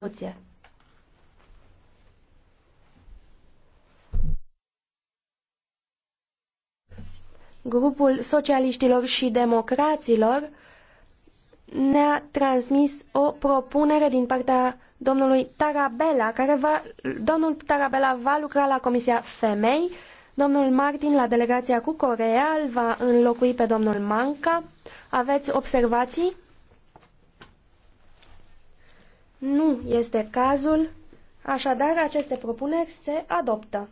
soluție. Grupul socialiștilor și democraților ne-a transmis o propunere din partea domnului Tarabella, care va, domnul Tarabella va lucra la Comisia Femei, domnul Martin la delegația cu Corea, îl va înlocui pe domnul Manca. Aveți observații? Nu este cazul, așadar aceste propuneri se adoptă.